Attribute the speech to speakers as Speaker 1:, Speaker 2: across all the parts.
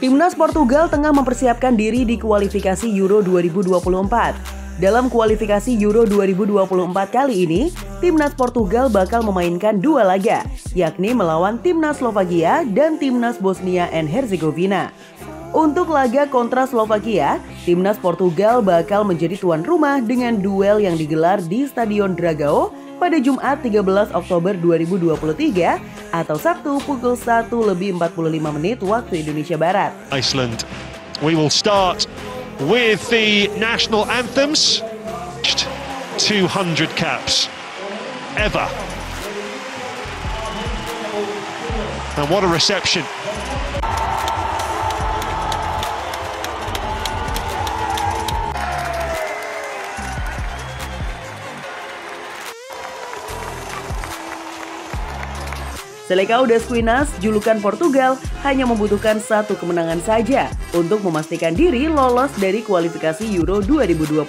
Speaker 1: Timnas Portugal tengah mempersiapkan diri di kualifikasi Euro 2024. Dalam kualifikasi Euro 2024 kali ini, timnas Portugal bakal memainkan dua laga, yakni melawan timnas Slovakia dan timnas Bosnia and Herzegovina. Untuk laga kontra Slovakia, timnas Portugal bakal menjadi tuan rumah dengan duel yang digelar di Stadion Dragao pada Jumat 13 Oktober 2023 atau Sabtu pukul 1 lebih 45 menit waktu Indonesia Barat.
Speaker 2: Iceland, we will start with the national anthems. 200 caps ever. And what a reception
Speaker 1: Selecao das Quinas, julukan Portugal, hanya membutuhkan satu kemenangan saja untuk memastikan diri lolos dari kualifikasi Euro 2024.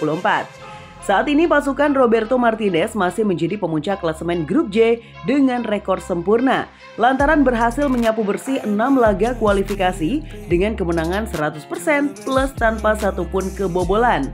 Speaker 1: Saat ini pasukan Roberto Martinez masih menjadi pemuncak klasemen grup J dengan rekor sempurna lantaran berhasil menyapu bersih 6 laga kualifikasi dengan kemenangan 100% plus tanpa satupun kebobolan.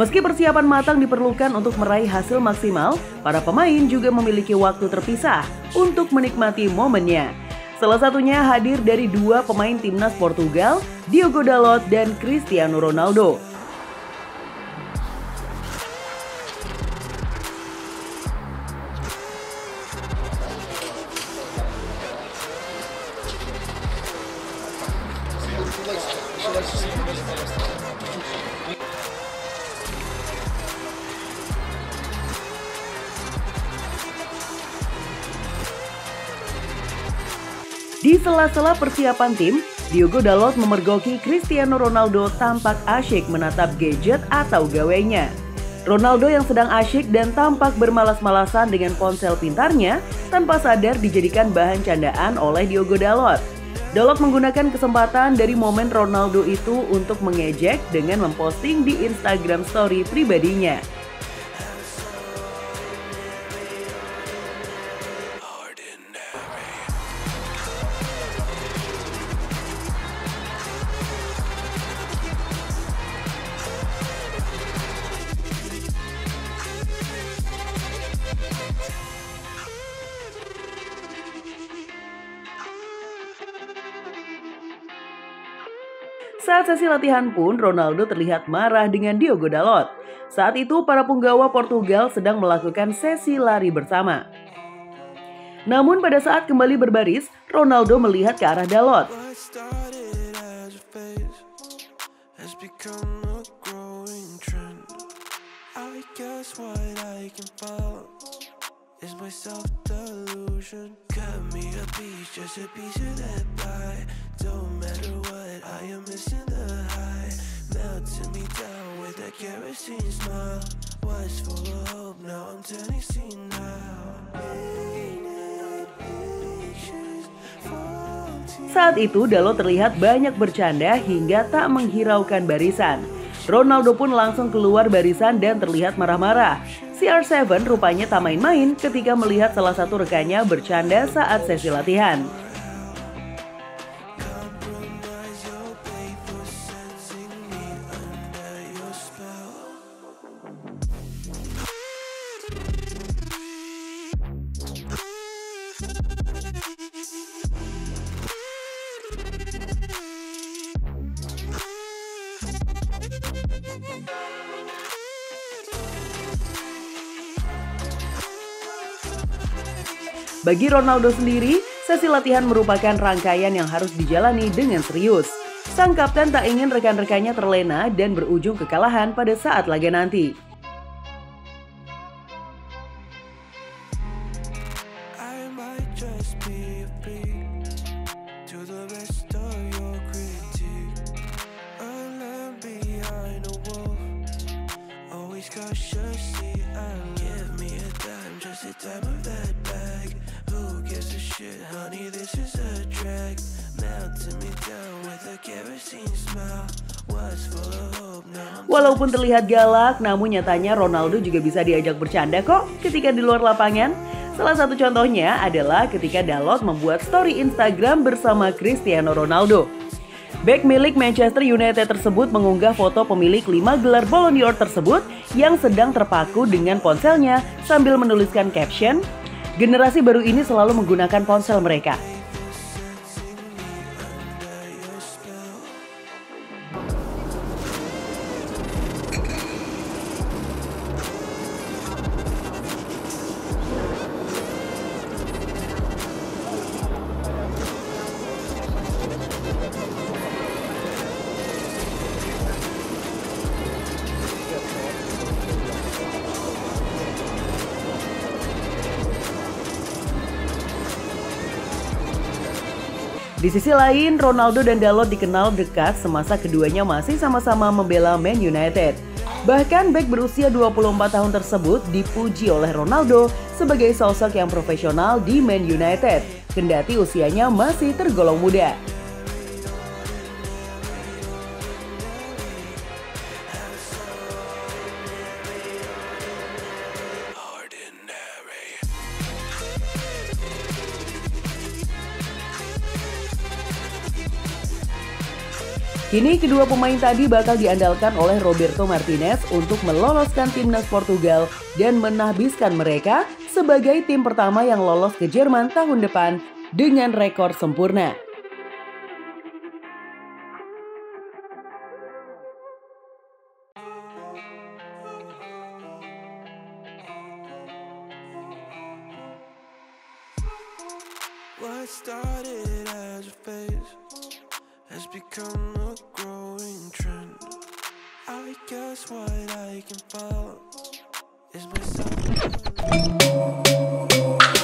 Speaker 1: Meski persiapan matang diperlukan untuk meraih hasil maksimal, para pemain juga memiliki waktu terpisah untuk menikmati momennya. Salah satunya hadir dari dua pemain timnas Portugal, Diogo Dalot dan Cristiano Ronaldo. Thank you. Di sela-sela persiapan tim, Diogo Dalot memergoki Cristiano Ronaldo tampak asyik menatap gadget atau gawainya. Ronaldo yang sedang asyik dan tampak bermalas-malasan dengan ponsel pintarnya tanpa sadar dijadikan bahan candaan oleh Diogo Dalot. Dalot menggunakan kesempatan dari momen Ronaldo itu untuk mengejek dengan memposting di Instagram story pribadinya. Saat sesi latihan pun, Ronaldo terlihat marah dengan Diogo Dalot. Saat itu, para penggawa Portugal sedang melakukan sesi lari bersama. Namun pada saat kembali berbaris, Ronaldo melihat ke arah Dalot.
Speaker 2: Is my self-delusion Cut me a piece, just a piece of that pie Don't matter what, I am missing the high Melting me down with that kerosene smile Was full of hope, now I'm turning scene now
Speaker 1: Saat itu Dalo terlihat banyak bercanda hingga tak menghiraukan barisan. Ronaldo pun langsung keluar barisan dan terlihat marah-marah. CR7 rupanya tak main-main ketika melihat salah satu rekannya bercanda saat sesi latihan. Bagi Ronaldo sendiri, sesi latihan merupakan rangkaian yang harus dijalani dengan serius. Sang kapten tak ingin rekan-rekannya terlena dan berujung kekalahan pada saat laga nanti. Walaupun terlihat galak, namun nyatanya Ronaldo juga bisa diajak bercanda kok ketika di luar lapangan. Salah satu contohnya adalah ketika Dalot membuat story Instagram bersama Cristiano Ronaldo. Back milik Manchester United tersebut mengunggah foto pemilik lima gelar Ballon d'Or tersebut yang sedang terpaku dengan ponselnya sambil menuliskan caption, Generasi baru ini selalu menggunakan ponsel mereka. Di sisi lain, Ronaldo dan Dalot dikenal dekat semasa keduanya masih sama-sama membela Man United. Bahkan back berusia 24 tahun tersebut dipuji oleh Ronaldo sebagai sosok yang profesional di Man United, kendati usianya masih tergolong muda. Kini kedua pemain tadi bakal diandalkan oleh Roberto Martinez untuk meloloskan timnas Portugal dan menahbiskan mereka sebagai tim pertama yang lolos ke Jerman tahun depan dengan rekor sempurna.
Speaker 2: What started as a phase has become a growing trend I guess what I can follow is myself